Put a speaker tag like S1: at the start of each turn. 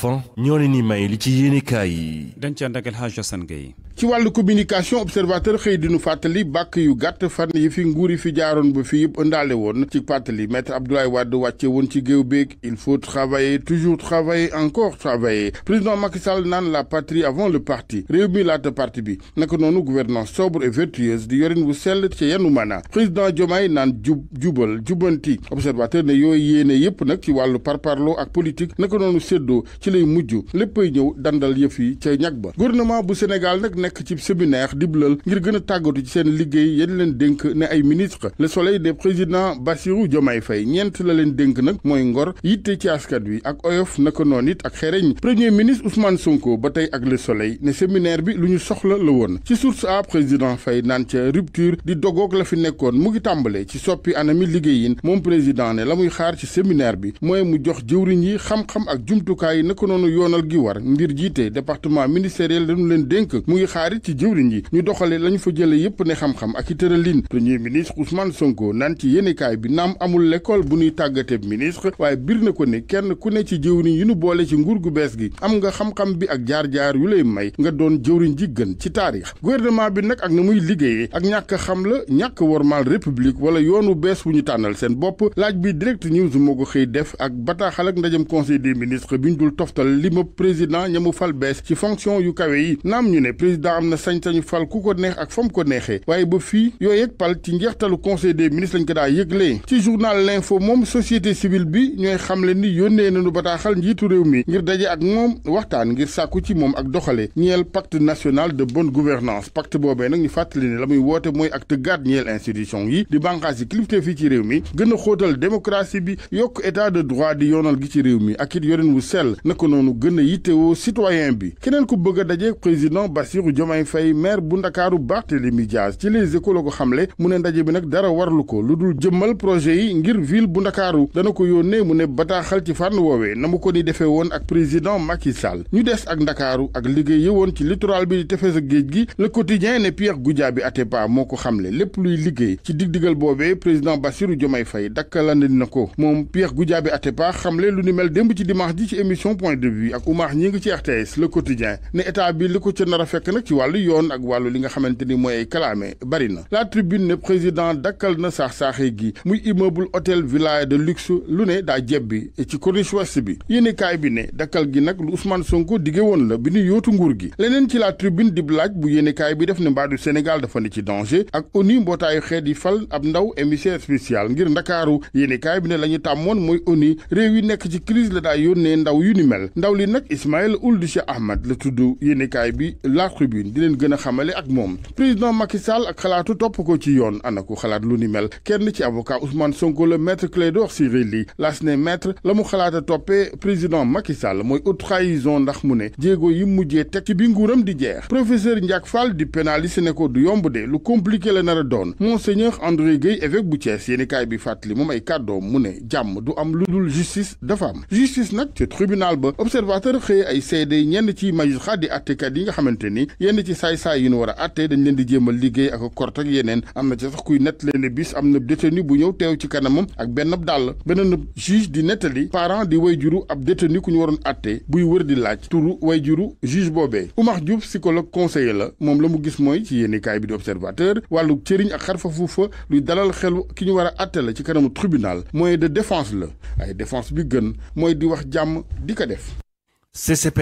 S1: Fane ñoo leen ni may li ci yéenekaay yi. dañ ci ànd ak El Hadj ci walu communication observateur di dinu fatali bak yu gatt fan yi fi nguur fi jaaroon bu fi yëpp ëndaale ci patali maître Abdoulaye Wade wàcce woon ci géew il faut travailler toujours travailler encore travailler président Macky Sall naan la patrie avant le parti réew mi te parti bi naka nonu gouvernance sobre et vertueuse di yorin wu sel ci yenu mana président Diomaye naan jub jubal jubanti observateur ne yoy yene yep nak ci wàllu parparloo ak politique naka nonu seddo ci lay mujj leppay ñew dandal yëf yi ñag ba gouvernement bu Sénégal nak nekk ci séminaire diblal ngir gën a tàggatu ci seen liggéey yéen leen dénk ne ay ministre le soleil des président Bassirou Diomaye Faye ñeent la leen dénk nag mooy ngor yitte ci askan wi ak oyof naka noon it ak xereñ premier ministre Ousmane Sonko ba tey ak le soleil ne séminaire bi lu ñu soxla la woon ci source a président Faye naan ca rupture di dogoog la fi nekkoon mu ngi tàmbalee ci soppi anami liggéeyin moom président ne la muy xaar ci séminaire bi mooy mu jox jëwriñ yi xam-xam ak jumtukaay naka noonu yoonal gi war ngir jiite département ministériel dañu leen xaarit ci jëwriñ yi ñu doxale lañ fa jële yépp ne xam-xam ak i tëralin premier ministre Ousmane Sonko naan ci yéenekaay bi naam amul l'école bu ñuy tàggateeb ministre waaye bir na ko ne kenn ku ne ci jëwriñ yu ñu boole ci nguur gu bees gi am nga xam-xam bi ak jaar-jaar yu lay may nga doon jëwriñ ji gën ci taarix gouvernement bi nag ak na muy liggéeyee ak ñàkk xam la ñàkk wormaal république wala yoonu bees wu ñu tànnal seen bopp laaj bi direct news moo ko xëy def ak bataaxal ak ndajam conseil des ministres bi ñu dul toftal li ma président ñamu fal bees ci fonction yu yi naam ñu daa am na sañ-sañu fal ku ko neex ak fam ko neexee waaye ba fii yooyu ak pal ci njeextalu conseil des ministres lañ ko daa ci journal l'info mom société civile bi ñooy xamle ni yónnee nañu bataaxal njiitu réew ngir daje ak mom, waxtaan ngir sàkku ci moom ak doxale Niel pacte national de bonne gouvernance pacte boobee nag ñu fàttali ne la muy woote mooy ak tëggaat ñeel institution yi di bànqaas yi kilifte fii ci réew mi gën démocratie bi yok état de droit di yonal gi ci réew ak it yorin wu sell naka noonu gën a citoyen bi keneen ku bëgg a daje président Bassirou Diomaye Faye maire bu Ndakaaru Barthélémy médias ci les écoles la ko xamle mu ne ndaje bi nak dara warlu ko luddul jëmmal projet yi ngir ville bu Ndakaaru dana ko yónnee mu bata xal ci na ko ni défé won ak président Macky Sall ñu dess ak Dakarou ak liggéey ci littoral bi di tefes ak le quotidien ne Pierre Goudiaby até moo moko xamlé lepp luy liggéey ci digdigal boobee président Bassirou Diomaye Faye dakkalandi na ko moom Pierre Goudiaby Atepa xamle lu ni mel demb ci dimanche di ci émission point de vue ak Oumar ñi ngi ci RTS le quotidien ne état bi li ci ca fekk ci ak li nga la tribune ne président dakkal na sax muy immeuble hôtel villa de luxe lu ne daa jebbi ci corniche ouest bi bi ne gi Ousmane Sonko dige woon la bi ñu yootu gi leneen ci la tribune di laaj bu bi def ne mbaadu Sénégal dafa ne ci danger ak ONU mbootaayu xeet yi fal ab ndaw émissaire spécial ngir ndakaaru yéenekaay bi ne la ñu tàmmoon ONU réew yi ci crise la daa yónnee ndaw yu ni mel ndaw li nag Ould Cheikh Ahmad la tudd yéenekaay bi la tribune di leen gën a xamale ak moom président Macky Sall ak xalaatu topp ko ci yoon ana ku xalaat lu ni mel kenn ci avocat Ousmane Sonko la maître Clédor Ciré Ly laas la mu a toppee président Macky mooy haute ndax mu ne jéego yi mujjee teg ci bi nguuram di jeex professeur Ndiak Fall di pénaliste ne ko du yomb de lu compliqué la nar a doon monseigneur André Guèye évêque bu Thiès yéenikaay bi fàttali moom ay kàddoom mu ne jàmm du am lu dul justice yenn ci saay-saay yu ñu war a àttee dañ leen di jéemal liggéey ak kort ak yeneen am na ci sax kuy nettali ne bis am na détenu bu ñëw teew ci kanamam ak benn dàll beneen juge di nettali parent di wayjuru ab détenu ku ñu waroon àttee buy wër di laaj turu wayjuru juge boobee umax Diouf psychologue conseiller la moom la mu gis mooy ci yéenikaay bi di observateur wàllu cëriñ ak xarfa fuufa luy dalal xelu ki ñu war a àtte la ci kanamu tribunal moyen de défense la ay défense bi gën mooy di wax jàmm di ko def CCP